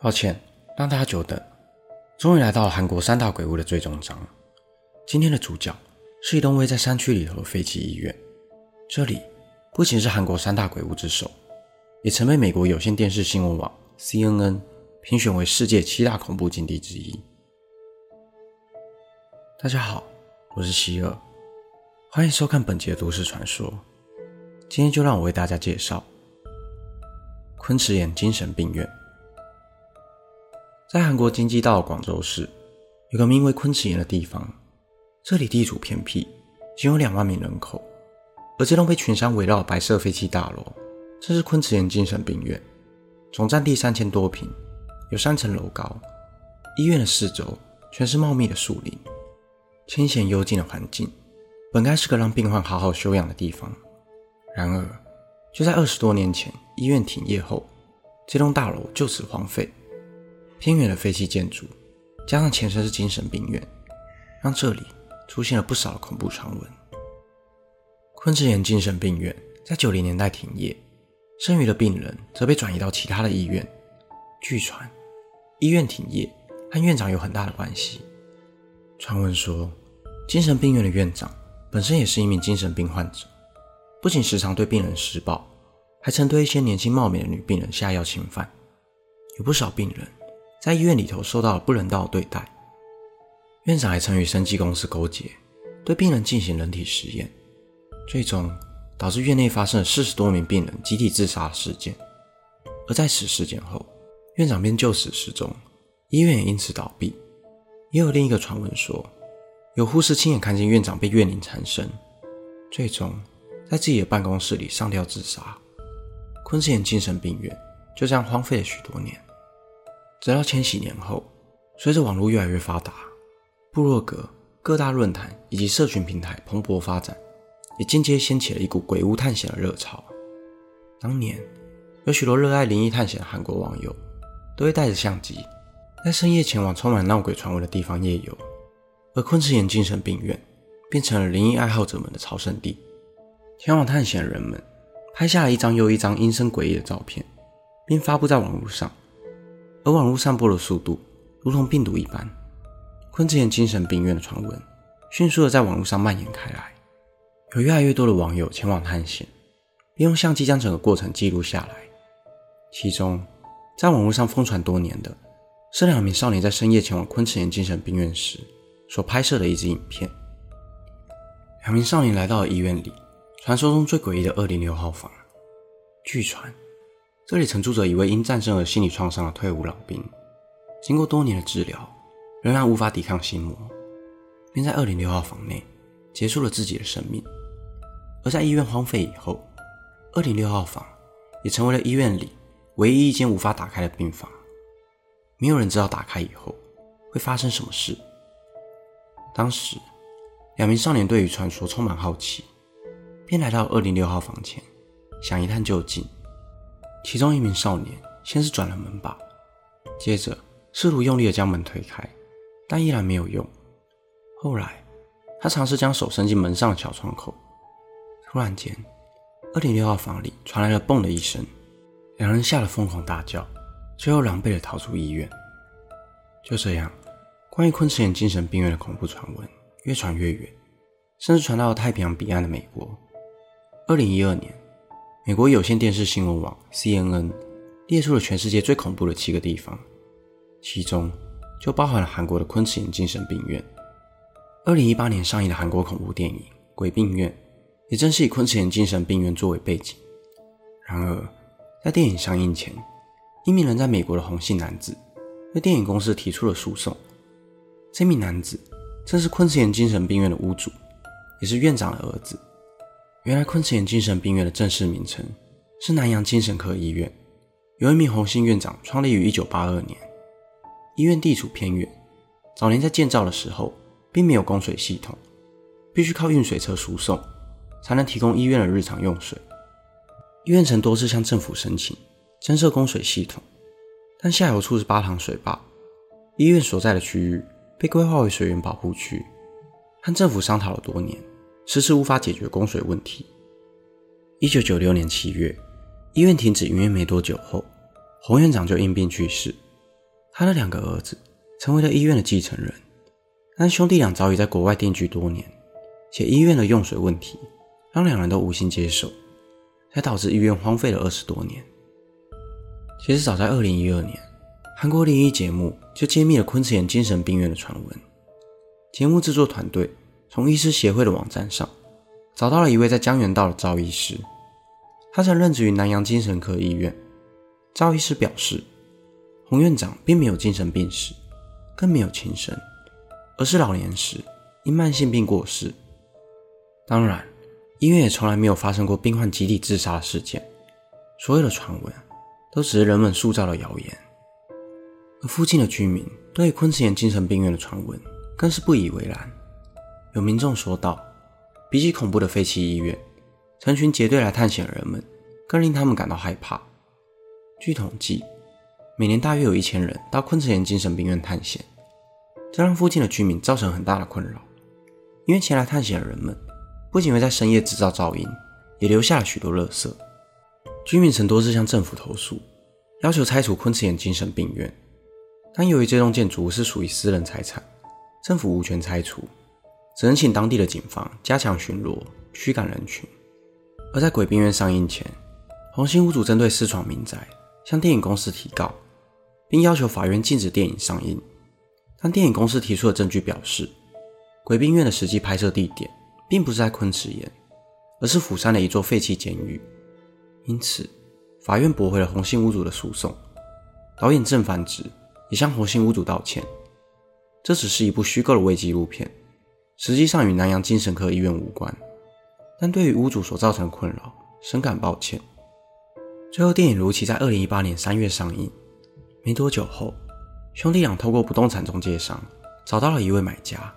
抱歉，讓大家久等，終於來到了韓國三大鬼屋的最終章。今天的主角是一棟位在山區裡頭的廢棄醫院，這裡不僅是韓國三大鬼屋之首，也曾被美國有線電視新聞網 CNN 評選為世界七大恐怖禁地之一。大家好，我是希爾，歡迎收看本集的都市傳說。今天就讓我為大家介紹。昆池岩精神病院。在韓國京畿道廣州市有個名為昆池岩的地方，這裡地處偏僻，僅有兩萬名人口，而這棟被群山圍繞的白色廢棄大樓，這是昆池岩精神病院。總占地三千多坪，有三層樓高，醫院的四周全是茂密的樹林，清閒幽靜的環境，本該是個讓病患好好休養的地方，然而。就在二十多年前，醫院停業後，這棟大樓就此荒廢。偏遠的廢棄建築，加上前身是精神病院，讓這裡出現了不少恐怖傳聞。昆池岩精神病院在九零年代停業，剩餘的病人則被轉移到其他的醫院。據傳，醫院停業和院長有很大的關係。傳聞說，精神病院的院長本身也是一名精神病患者，不僅時常對病人施暴。還曾對一些年輕貌美的女病人下藥侵犯，有不少病人在醫院裡頭受到了不人道的對待。院長還曾與生技公司勾結，對病人進行人體實驗，最終導致院內發生了四十多名病人集體自殺的事件。而在此事件後，院長便就此失蹤，醫院也因此倒閉。也有另一個傳聞說，有護士親眼看見院長被怨靈纏身，最終在自己的辦公室裡上吊自殺。昆池岩精神病院就這樣荒廢了許多年，直到千禧年後，隨着網絡越來越發達，部落格、各大論壇以及社群平台蓬勃發展，也間接掀起了一股鬼屋探險的熱潮。當年，有許多熱愛靈異探險的韓國網友，都會帶着相機，在深夜前往充滿鬧鬼傳聞的地方夜遊，而昆池岩精神病院變成了靈異愛好者們的朝聖地。前往探險的人們，拍下了一張又一張陰森詭異的照片，並發布在網絡上。而網絡散播的速度如同病毒一般，昆池岩精神病院的傳聞迅速地在網絡上蔓延開來。有越來越多的網友前往探險，並用相機將整個過程記錄下來。其中，在網絡上瘋傳多年的，是兩名少年在深夜前往昆池岩精神病院時所拍攝的一支影片。兩名少年來到了醫院裡。傳說中最詭異的二零六號房，據傳，這裡曾住着一位因戰爭而心理創傷的退伍老兵，經過多年的治療，仍然無法抵抗心魔，並在二零六號房內結束了自己的生命。而在醫院荒廢以後，二零六號房也成為了醫院裡唯一一間無法打開的病房，沒有人知道打開以後會發生什麼事。當時，兩名少年對於傳說充滿好奇，便來到二零六號房前，想一探究竟。其中一名少年先是轉了門把，接着試圖用力地將門推開，但依然沒有用。後來，他嘗試將手伸進門上的小窗口。突然間，二零六號房裡傳來了「嘣」的一聲，兩人嚇得瘋狂大叫，最後狼狽地逃出醫院。就這樣，關於昆池岩精神病院的恐怖傳聞越傳越遠，甚至傳到了太平洋彼岸的美國。二零一二年，美國有線電視新聞網 CNN 列出了全世界最恐怖的七個地方，其中就包含了韓國的昆池岩精神病院。二零一八年上映的韓國恐怖電影《鬼病院》也正是以昆池岩精神病院作為背景。然而，在電影上映前，一名人在美國的洪姓男子對電影公司提出了訴訟。這名男子正是昆池岩精神病院的屋主，也是院長的兒子。原來，昆池岩精神病院的正式名稱是南洋精神科醫院，由一名洪姓院長創立於一九八二年。醫院地處偏遠，早年在建造的時候並沒有供水系統，必須靠運水車輸送，才能提供醫院的日常用水。醫院曾多次向政府申請增設供水系統，但下游處是八塘水壩，醫院所在的區域被規劃為水源保護區，和政府商討了多年。遲遲無法解決供水問題。一九九六年七月，醫院停止營業沒多久後，洪院長就因病去世。他的兩個兒子成為了醫院的繼承人，但兄弟倆早已在國外定居多年，且醫院的用水問題讓兩人都無心接手，才導致醫院荒廢了二十多年。其實早在二零一二年，韓國靈異節目就揭祕了昆池岩精神病院的傳聞。節目製作團隊，從醫師協會的網站上，找到了一位在江原道的趙醫師。他曾任職於南陽精神科醫院。趙醫師表示，洪院長並沒有精神病史，更沒有輕生，而是老年時因慢性病過世。當然，醫院也從來沒有發生過病患集體自殺的事件。所有的傳聞，都只是人們塑造的謠言。而附近的居民對於昆池岩精神病院的傳聞，更是不以為然。有民眾說道：“比起恐怖的廢棄醫院，成群結隊來探險的人們更令他們感到害怕。”據統計，每年大約有一千人到昆池岩精神病院探險，這讓附近的居民造成很大的困擾。因為前來探險的人們不僅會在深夜制造噪音，也留下了許多垃圾。居民曾多次向政府投訴，要求拆除昆池岩精神病院，但由於這棟建築是屬於私人財產，政府無權拆除。只能請當地的警方加強巡邏，驅趕人群。而在《鬼病院》上映前，紅星屋主針對私闖民宅向電影公司提告，並要求法院禁止電影上映。但電影公司提出的證據表示，《鬼病院》的實際拍攝地點並不是在昆池岩，而是釜山的一座廢棄監獄。因此，法院駁回了紅星屋主的訴訟。導演鄭範植也向紅星屋主道歉，這只是一部虛構的偽紀錄片。實際上與南陽精神科醫院無關，但對於屋主所造成的困擾，深感抱歉。最後，電影如期在二零一八年三月上映。沒多久後，兄弟倆透過不動產中介商找到了一位買家，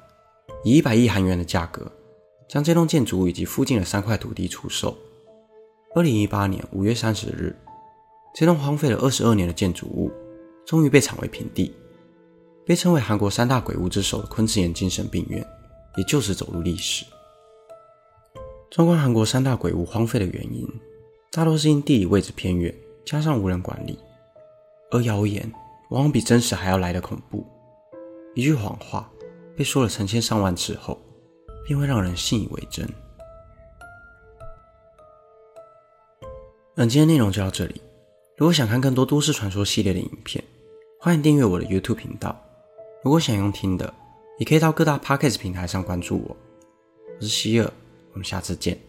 以一百億韓元的價格將這棟建築物以及附近的三塊土地出售。二零一八年五月三十日，這棟荒廢了二十二年的建築物終於被鏟為平地，被稱為韓國三大鬼屋之首的昆池岩精神病院，也就是走入歷史。縱觀韓國三大鬼屋荒廢的原因，大多是因地理位置偏遠，加上無人管理。而謠言往往比真實還要來得恐怖。一句謊話被說了成千上萬次後，便會讓人信以為真。本期的內容就到這裡。如果想看更多都市傳說系列的影片，歡迎訂閱我的 YouTube 頻道。如果想用聽的。也可以到各大 podcast 平台上關注我，我是希爾，我們下次見。